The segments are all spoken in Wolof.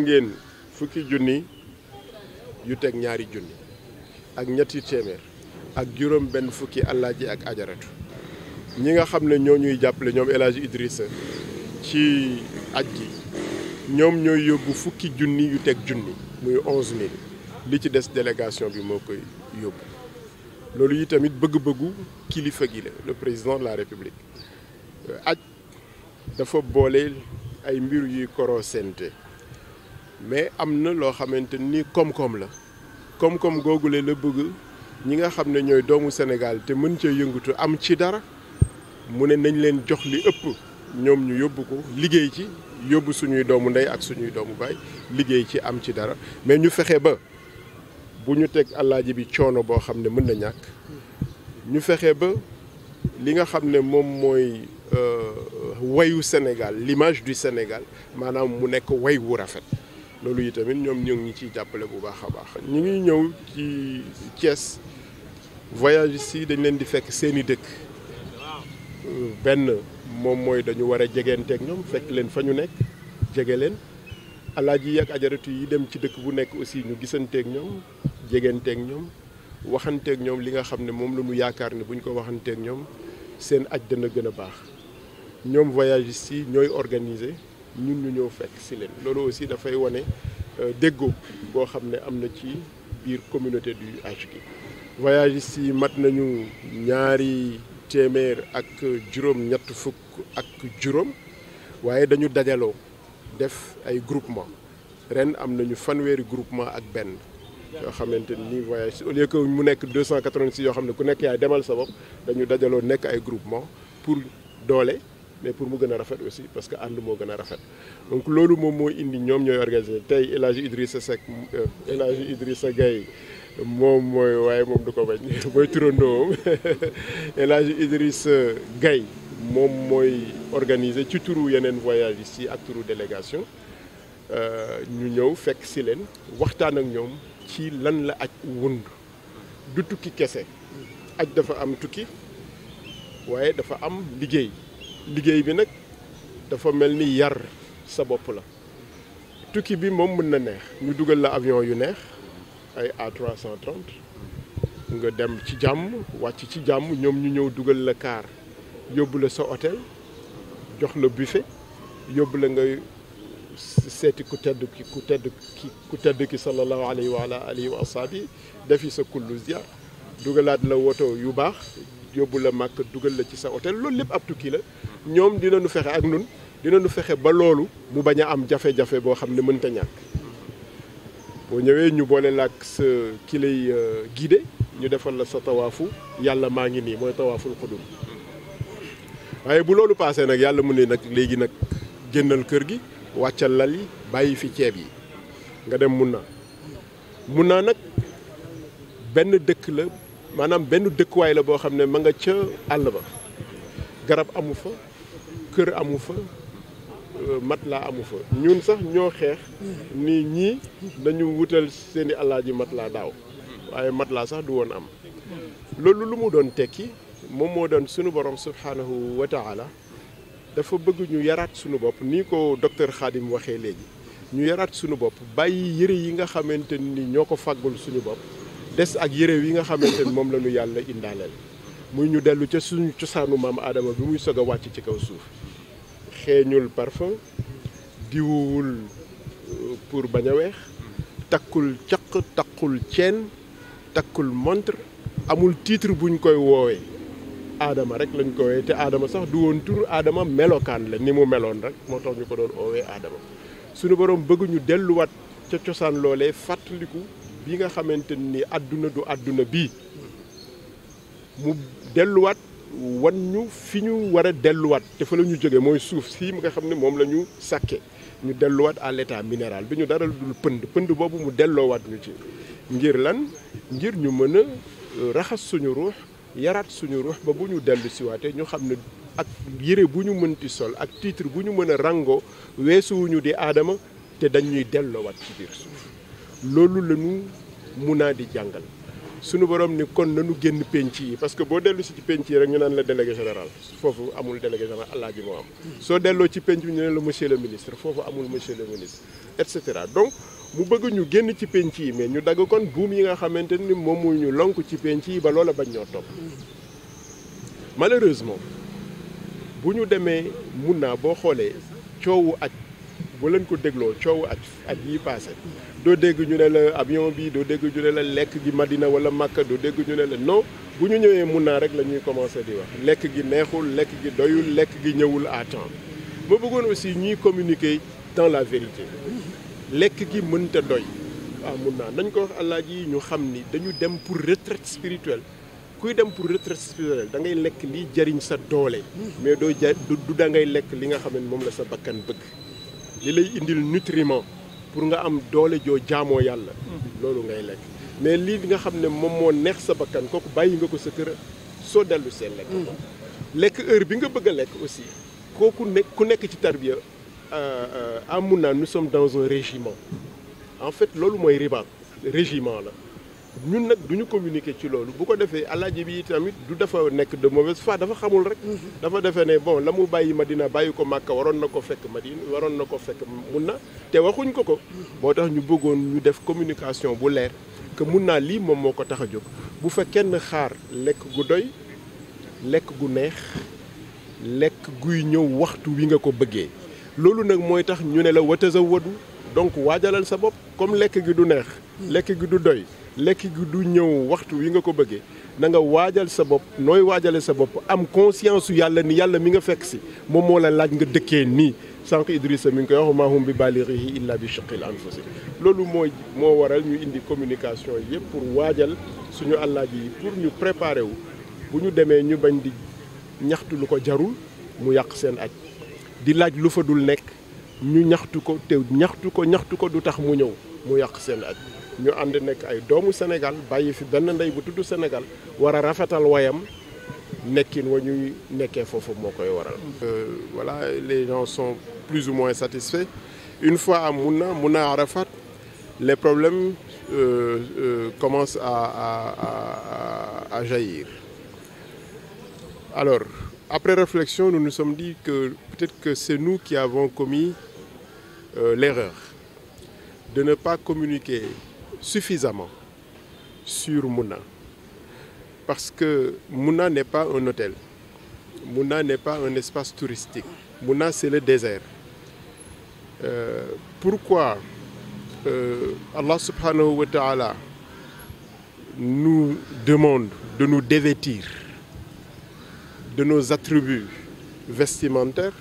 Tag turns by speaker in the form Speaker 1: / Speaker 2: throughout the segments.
Speaker 1: ngeen fukki junni yu teg ñaari junni ak ñetti téeméer ak juróom benn fukki alaaji ak ajaratu ñi nga xam ne ñoo ñuy jàppale ñoom El Hadj ci aj ñooy yóbbu fukki junni yu muy onze mille li ci des délégation bi moo koy yóbbu loolu yi tamit bëgg-bëggu kilifa gi la le président de la république aj dafa boole ay mbir yuy koro korosente mais am na loo xamante ni koom-koom la koom-koom googule la bëgg ñi nga xam ne ñooy doomu Sénégal te mën cee yëngatu am ci dara mu ne nañ leen jox li ëpp ñoom ñu yóbbu ko liggéey ci yóbbu suñuy doomu ndey ak suñuy doomu baay liggéey ci am ci dara mais ñu fexe ba bu ñu teg alaaji bi coono boo xam ne mën na ñàkk ñu fexe ba li nga xam ne moom mooy euh, wayu Sénégal l'image du Sénégal maanaam mu nekk way wu rafet loolu yi tamit ñoom ñoo ngi ciy jàppale bu baax a baax ñu ngi ñëw ci Thiès voyage sii dañ leen di fekk seeni dëkk benn moom mooy dañu war a jegeenteeg ñoom fekk leen fa ñu nekk jege leen alaaji yi ak ajaratu yi dem ci dëkk bu nekk aussi ñu gisanteek ñoom jegeenteeg ñoom waxanteeg ñoom li nga xam ne moom la ñu yaakaar ne bu ñu ko waxanteek ñoom seen aj dana gën a baax ñoom voyage si ñooy organiser ñun ñu ñëw fekk si leen loolu aussi dafay wane euh, déggoo boo xam ne am na ci biir communauté du HG voyagistes si mat nañu ñaari téeméer ak juróom ñett fukk ak juróom waaye dañu dajaloo def ay groupement ren am na nañu fanweeri groupement ak benn yoo xamante ni voyage au lieu mu nekk 286 yoo xam ne ku nekk yaay demal sa bopp dañu dajaloo nekk ay groupement pour doole mais pour mu gën a rafet aussi parce que ànd moo gën a rafet donc loolu moom moo indi ñoom ñooy organiser tey El Hadj Idrissa Seck euh, El Hadj Idrissa Gueye moom mooy waaye moom du ko bañ mooy turandoom El Hadj Idrissa moom mooy organiser ci turu yeneen voyage si ak turu délégation euh, ñu ñëw fekk si leen waxtaan ak ñoom ci lan la aj wund du tukki kese aj dafa am tukki waaye dafa am liggéey liggéey bi nag dafa mel ni yar sa bopp la tukki bi moom mën na neex ñu dugal la avion yu neex ay A330 nga dem ci jàmm wàcc ci jàmm ñoom ñu ñëw dugal la kaar yóbbu la sa hôtel jox la buffet yóbbu la nga seeti ku tedd ki ku tedd ki ku tedd ki sallallahu alayhi wa ala alihi wa ashabi defi sa kullu ziar dugalaat la woto yu baax yóbbu la màkk dugal la ci sa hôtel loolu lépp ab tukki la ñoom dinañu fexe ak nun dinañu fexe ba loolu mu bañ a am jafe-jafe boo xam ne mënta ñàkk boo ñëwee ñu boole la ak sa ki lay euh, guidé ñu defal la sa tawaafu yàlla maa ngi nii mooy tawaaful xudum waaye bu loolu paasee nag yàlla mu ne nag léegi nag génnal kër gi wàccal lal yi bàyyi fi ceeb yi nga dem mun naa mun naa nag benn dëkk la maanaam benn dëkkuwaay la boo xam ne ma nga ca àll ba garab amu fa kër amu fa euh, mat laa amu fa ñun sax ñoo xeex ni ñii dañu wutal seeni alaaji laa daaw waaye mat laa sax du woon am loolu lu mu doon tekki moom moo doon sunu borom subhanahu wataala taala dafa bëgg ñu yaraat sunu bopp ni ko docteur Khadim waxee léegi ñu yaraat sunu bopp bàyyi yére yi nga xamante ni ñoo ko fàggul suñu bopp des ak yëre yi nga xamante ni moom la ñu yàlla indaaleel muy ñu dellu ca suñu cosaanu maam aadama bi muy sog a wàcc ci kaw suuf xeeñul parfum diwuwul euh, pour bañ takkul caq takkul ceen takkul montre amul titre buñ koy woowee aadama rek lañ ko woowee te aadama sax du woon tur aadama melokaan la ni mu meloon rek moo tax ñu ko doon oowee aadama suñu boroom bëgguñu delluwaat ca cosaan loolee fàttaliku bi nga xamante ni àdduna du àdduna bii mu delluwaat wan ñu fi ñu war a delluwaat te fa la ñu jógee mooy suuf sii si nga xam ne moom la ñu sàkke ñu delluwaat à l'état minéral du ñu dara dul pënd pënd boobu mu delloowaat ñu ci ngir lan ngir ñu mën a euh, raxas suñu ruux yaraat suñu ruux ba bu ñu dellu siwaate ñu xam ne ak yëre bu ñu mënti sol ak titre bu ñu mën a ràngoo weesuwuñu di aadama te dañuy delloowaat ci biir suuf loolu la ñu mun naa di jàngal sunu borom ni kon nanu génn penc yi parce que boo dellu si ci penc yi rek ñu naan la délégué général foofu amul délégué général allah ji moo am soo delloo ci penc bi ñu ne la monsieur le ministre foofu amul monsieur le ministre et cetera donc mu bëgg génn ci penc yi mais ñu dagg kon buum yi nga xamante ni moom mu ñu lonk ci penc yi ba loola bañ ñoo topp malheureusement bu ñu demee mun naa boo xoolee coowu ak bu leen ko dégloo coow at at yii passé doo dégg ñu ne la avion bi doo dégg ñu ne la lekk gi Madina wala Makka doo dégg ñu ne la no bu ñu ñëwee mun naa rek la ñuy commencé di wax lekk gi neexul lekk gi doyul lekk gi ñëwul à temps ma bëggoon aussi ñuy communiquer dans la vérité lekk gi mën te doy waaw ah, mun naa nañ ko wax alaaji ji ñu xam ni dañu dem pour retraite spirituelle kuy dem pour retraite spirituelle da ngay lekk liy jariñ sa doole mais doo ja du da ngay lekk li nga xam ne moom la sa bakkan bëgg li lay indil nutriment pour nga am doole joo jaamoo yàlla loolu ngay lekk mais lii nga xam ne moom moo neex sa bakkan kooku bàyyi nga ko sa kër soo dellu seen lekk mm. lekk heure bi nga bëgg a lekk aussi kooku nekk ku nekk ci tarbiya euh, euh, amun naa nous sommes dans un régiment en fait loolu mooy riba régiment la ñun nag duñu ñu ci loolu bu ko defee alaaji bii tamit du dafa nekk de mauvaise foi dafa xamul rek. Mm-hmm. dafa defee ne bon la mu bàyyi ma dina bàyyi ko Màkka waroon na ko fekk Madina waroon na ko fekk mun na te waxuñ ko ko. Mm-hmm. moo tax ñu bëggoon ñu def communication bu leer que mun naa lii moom moo ko tax a jóg bu fa kenn xaar lekk gu doy lekk gu neex lekk guy ñëw waxtu wi nga ko bëggee loolu nag mooy tax ñu ne la watazawwadu donc waajalal sa bopp comme lekk gi du neex. Mm-hmm. lekk gi du doy. lekk gi du ñëw waxtu wi nga ko bëggee na nga waajal sa bopp nooy waajale sa bopp am conscience su yàlla ni yàlla mi nga fekk si moom moo la laaj nga dëkkee nii sànq Idrissa mi ngi koy wax ma bi balighihi illa bi shaqil anfusi loolu mooy moo waral ñu indi communication yëpp pour waajal suñu allaaj yi pour ñu préparer wu bu ñu demee ñu bañ di ñaxtu lu ko jarul mu yàq seen aj di laaj lu fa dul nekk ñu ñaxtu ko te ñaxtu ko ñaxtu ko du tax mu ñëw mu yàq seen aj ñu ànd nekk ay doomu Sénégal bàyyi fi benn ndey bu tudd Sénégal war a rafetal wayam nekkin wa ñuy nekkee foofu moo koy waral. Euh, voilà les gens sont plus ou moins satisfaits une fois na mun Mouna Arafat les problèmes euh, euh, commencent à à à alors après réflexion nous nous sommes dit que peut-être c'est nous qui avons commis euh, l'erreur de ne pas communiquer suffisamment sur Mouna. Parce que Mouna n'est pas un hôtel. Mouna n'est pas un espace touristique. Mouna, c'est le désert. Euh, pourquoi euh, Allah subhanahu wa ta'ala nous demande de nous dévêtir de nos attributs vestimentaires,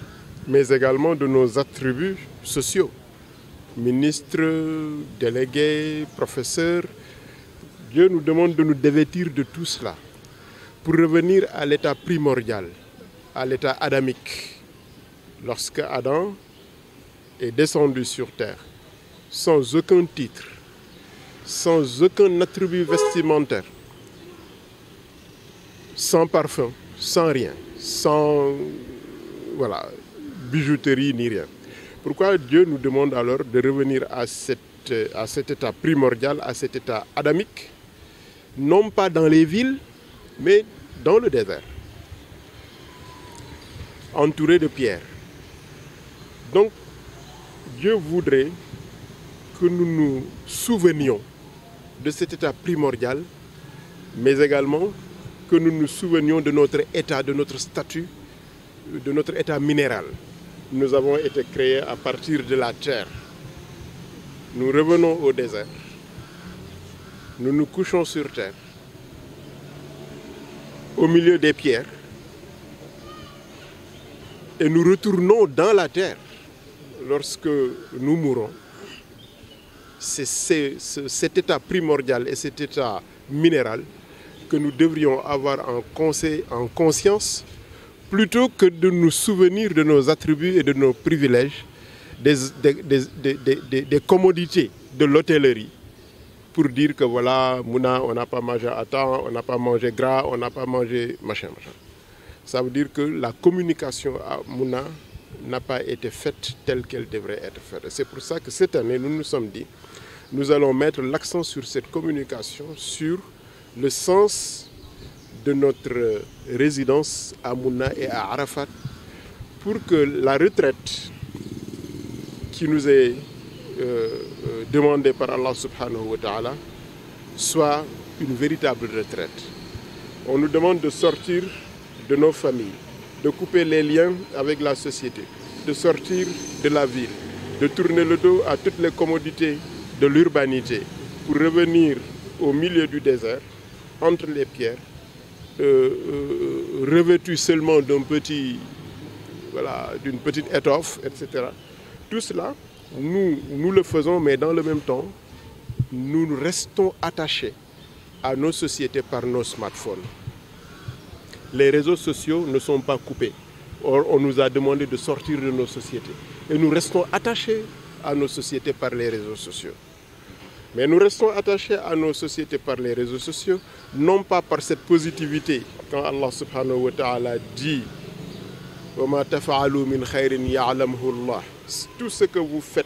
Speaker 1: mais également de nos attributs sociaux ministre délégués, professeurs. Dieu nous demande de nous dévêtir de tout cela pour revenir à l'état primordial, à l'état adamique. Lorsque Adam est descendu sur terre, sans aucun titre, sans aucun attribut vestimentaire, sans parfum, sans rien, sans voilà, bijouterie ni rien. Pourquoi Dieu nous demande alors de revenir à, cette, à cet état primordial, à cet état adamique, non pas dans les villes, mais dans le désert, entouré de pierres. Donc, Dieu voudrait que nous nous souvenions de cet état primordial, mais également que nous nous souvenions de notre état, de notre statut, de notre état minéral. nous avons été créés à partir de la terre. Nous revenons au désert. Nous nous couchons sur terre, au milieu des pierres, et nous retournons dans la terre lorsque nous mourons. C'est cet état primordial et cet état minéral que nous devrions avoir en, conseil, en conscience plutôt que de nous souvenir de nos attributs et de nos privilèges, des, des, des, des commodités de l'hôtellerie, pour dire que voilà, Mouna, on n'a pas mangé à temps, on n'a pas mangé gras, on n'a pas mangé machin, machin. Ça veut que la communication à Mouna n'a pas été faite telle qu'elle devrait être faite. C'est pour ça que cette année, nous nous sommes dit, nous allons mettre l'accent sur cette communication, sur le sens de notre euh, résidence à Mouna et à Arafat pour que la retraite qui nous est euh, euh, demandée par Allah subhanahu wa ta'ala soit une véritable retraite. On nous demande de sortir de nos familles, de couper les liens avec la société, de sortir de la ville, de tourner le dos à toutes les commodités de l'urbanité pour revenir au milieu du désert, entre les pierres, Euh, euh, euh, revêtu seulement d'un petit voilà d'une petite étoffe etc tout cela nous nous le faisons mais dans le même temps nous restons attachés à nos sociétés par nos smartphones les réseaux sociaux ne sont pas coupés or on nous a demandé de sortir de nos sociétés et nous restons nos par les réseaux sociaux Mais nous restons attachés à nos sociétés par les réseaux sociaux, non pas par cette positivité. Quand Allah subhanahu wa ta'ala dit وَمَا تَفْعَلُوا مِنْ خَيْرٍ يَعْلَمْهُ اللَّهُ Tout ce que vous faites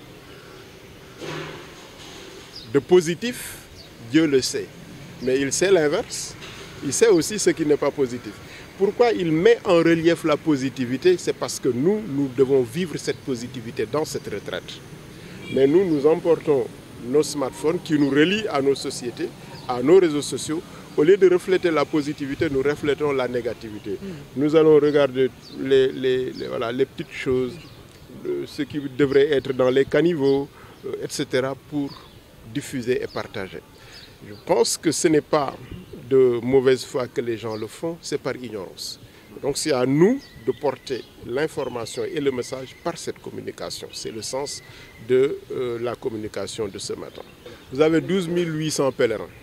Speaker 1: de positif, Dieu le sait. Mais il sait l'inverse. Il sait aussi ce qui n'est pas positif. Pourquoi il met en relief la positivité C'est parce que nous, nous devons vivre cette positivité dans cette retraite. Mais nous, nous emportons nos smartphones qui nous relient à nos sociétés, à nos réseaux sociaux. Au lieu de refléter la positivité, nous reflétons la négativité. Mm. Nous allons regarder les, les, les, voilà, les petites choses, euh, ce qui devrait être dans les caniveaux, euh, etc., pour diffuser et partager. Je pense que ce n'est pas de mauvaise foi que les gens le font, c'est par ignorance. Donc c'est à nous de porter l'information et le message par cette communication. C'est le sens de euh, la communication de ce matin. Vous avez 12 800 pèlerins.